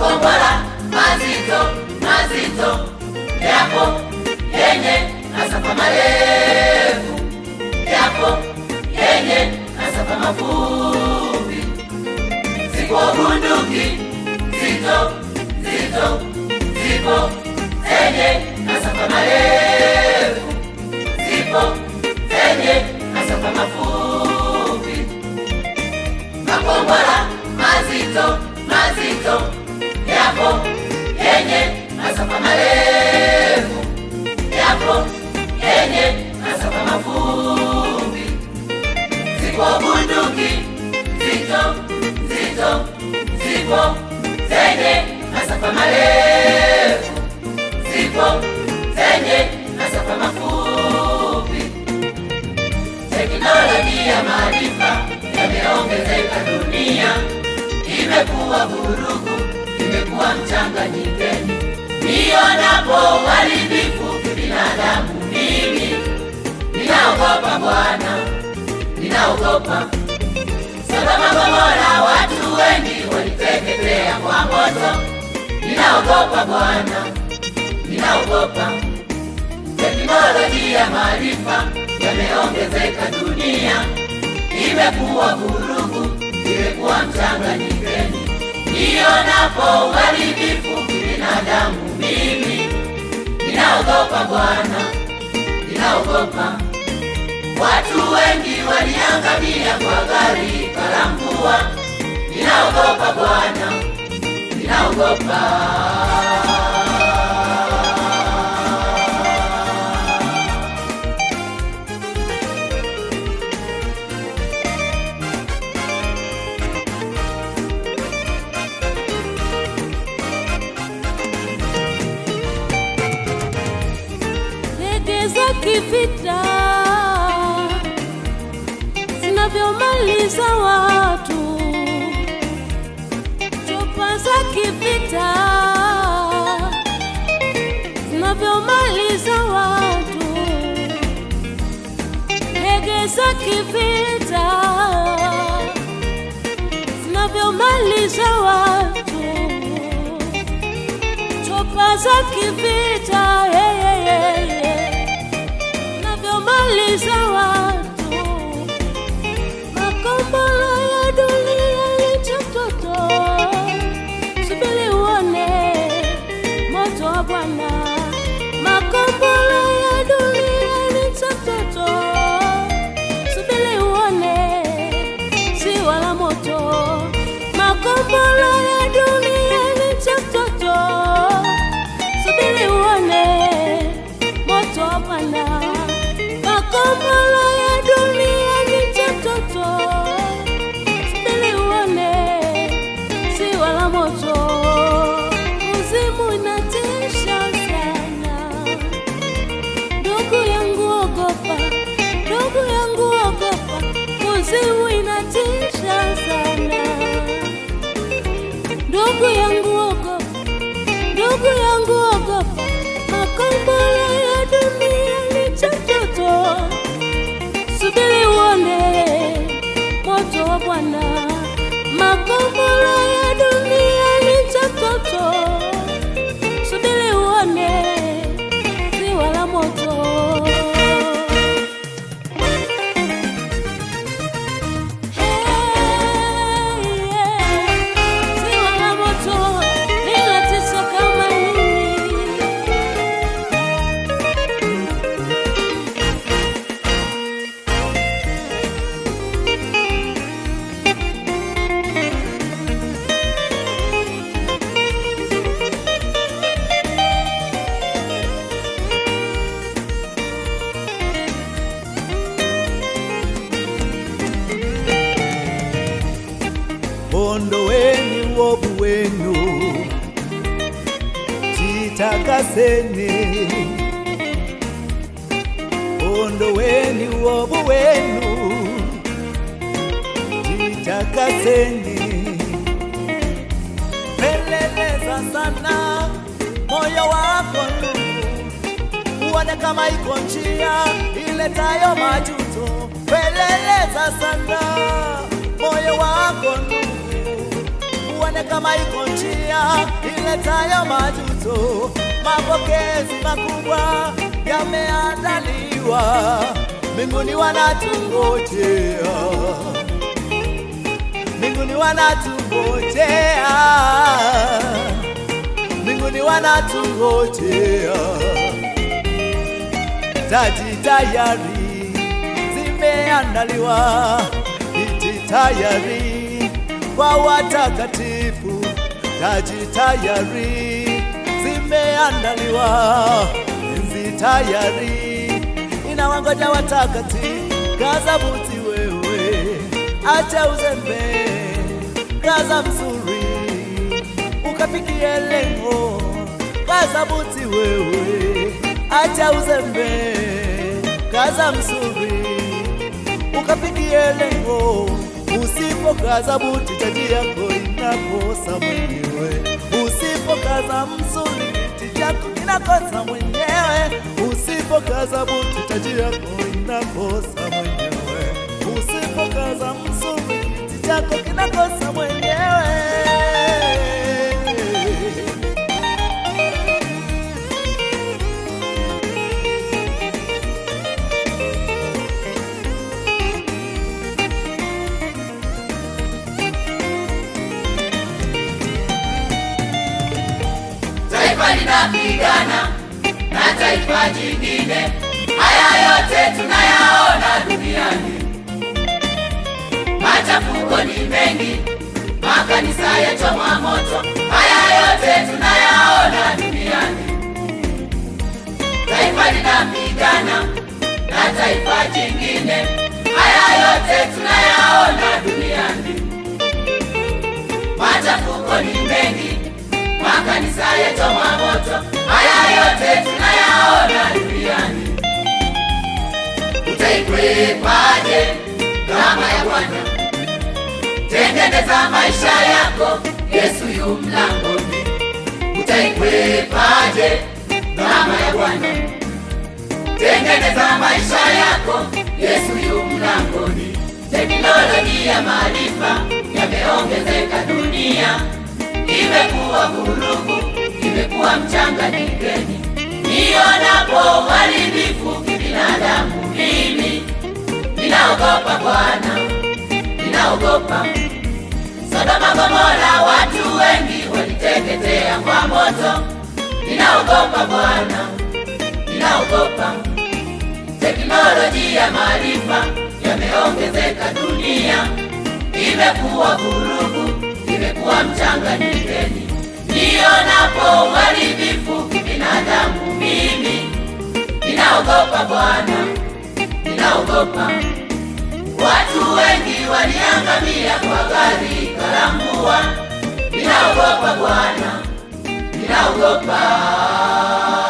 makombora mazito mazito yapo yenye masafa marefu, yapo yenye masafa mafupi. Ziko bunduki zito zito, zipo zenye masafa marefu, zipo zenye masafa mafupi. Makombora mazito mazito yako yenye masafa marefu, yako yenye masafa mafupi. Zipo bunduki zito zito, zipo zenye masafa marefu, zipo zenye masafa mafupi. Teknolojia, maarifa yameongezeka, dunia imekuwa buruku Mungu amchanganyikeni, nionapo uharibifu kibinadamu, mimi ninaogopa Bwana, ninaogopa sababu bora watu wengi waliteketea kwa moto. Ninaogopa Bwana, ninaogopa teknolojia ya maarifa yameongezeka, dunia imekuwa vurugu, imekuwa mchanganyikeni nionapo uharibifu binadamu, mimi ninaogopa Bwana, ninaogopa. Watu wengi waliangamia kwa gharika la mvua, ninaogopa Bwana, ninaogopa. kivita zinavyomaliza watu, chupa za kivita zinavyomaliza watu, ndege za kivita zinavyomaliza watu, chupa za kivita hey. motema makombo uovu wenu, jitakaseni. Ondoweni uovu wenu, jitakaseni. Peleleza sana moyo wako Mungu, uone kama iko njia iletayo majuto. Peleleza sana moyo wako Mungu tuone kama iko njia iletayo majuto. Mapokezi makubwa yameandaliwa mbinguni, wanatungojea mbinguni, wanatungojea mbinguni, wanatungojea taji tayari zimeandaliwa, iti tayari kwa watakatifu taji tayari zimeandaliwa, enzi tayari inawangoja watakatifu. Kaza buti wewe, acha uzembe, kaza mzuri ukafikie lengo. Kaza buti wewe, acha uzembe, kaza mzuri ukafikie lengo. Usipokaza buti butiti yako inakosa mwenyewe, usipokaza msuli butiti yako inakosa mwenyewe, usipokaza buti butiti yako inakosa mwenyewe, usipokaza msuli butiti yako inakosa taifa linapigana na taifa jingine. Haya yote tunayaona duniani, machafuko ni mengi, makanisa yachomwa moto. Haya yote tunayaona duniani, taifa linapigana na taifa jingine. Haya yote tunayaona duniani, machafuko ni mengi makanisa yachoma moto. Haya yote tunayaona duniani, utaikwepaje kama ya Bwana? Tengeneza maisha yako, Yesu yu mlangoni. Utaikwepaje kama ya Bwana? Tengeneza maisha yako, Yesu yu mlangoni. Teknolojia ya maarifa yameongezeka dunia imekuwa vurugu, imekuwa mchanga kigeni, nionapo uharibifu kibinadamu mimi ninaogopa Bwana, ninaogopa. Sodoma Gomora, watu wengi waliteketea kwa moto, ninaogopa Bwana, ninaogopa. Teknolojia, maarifa yameongezeka, dunia imekuwa vurugu nimekuwa mchanga nyikeni, nionapo uharibifu binadamu, mimi ninaogopa Bwana, ninaogopa. Watu wengi waliangamia kwa gharika la mvua, ninaogopa Bwana, ninaogopa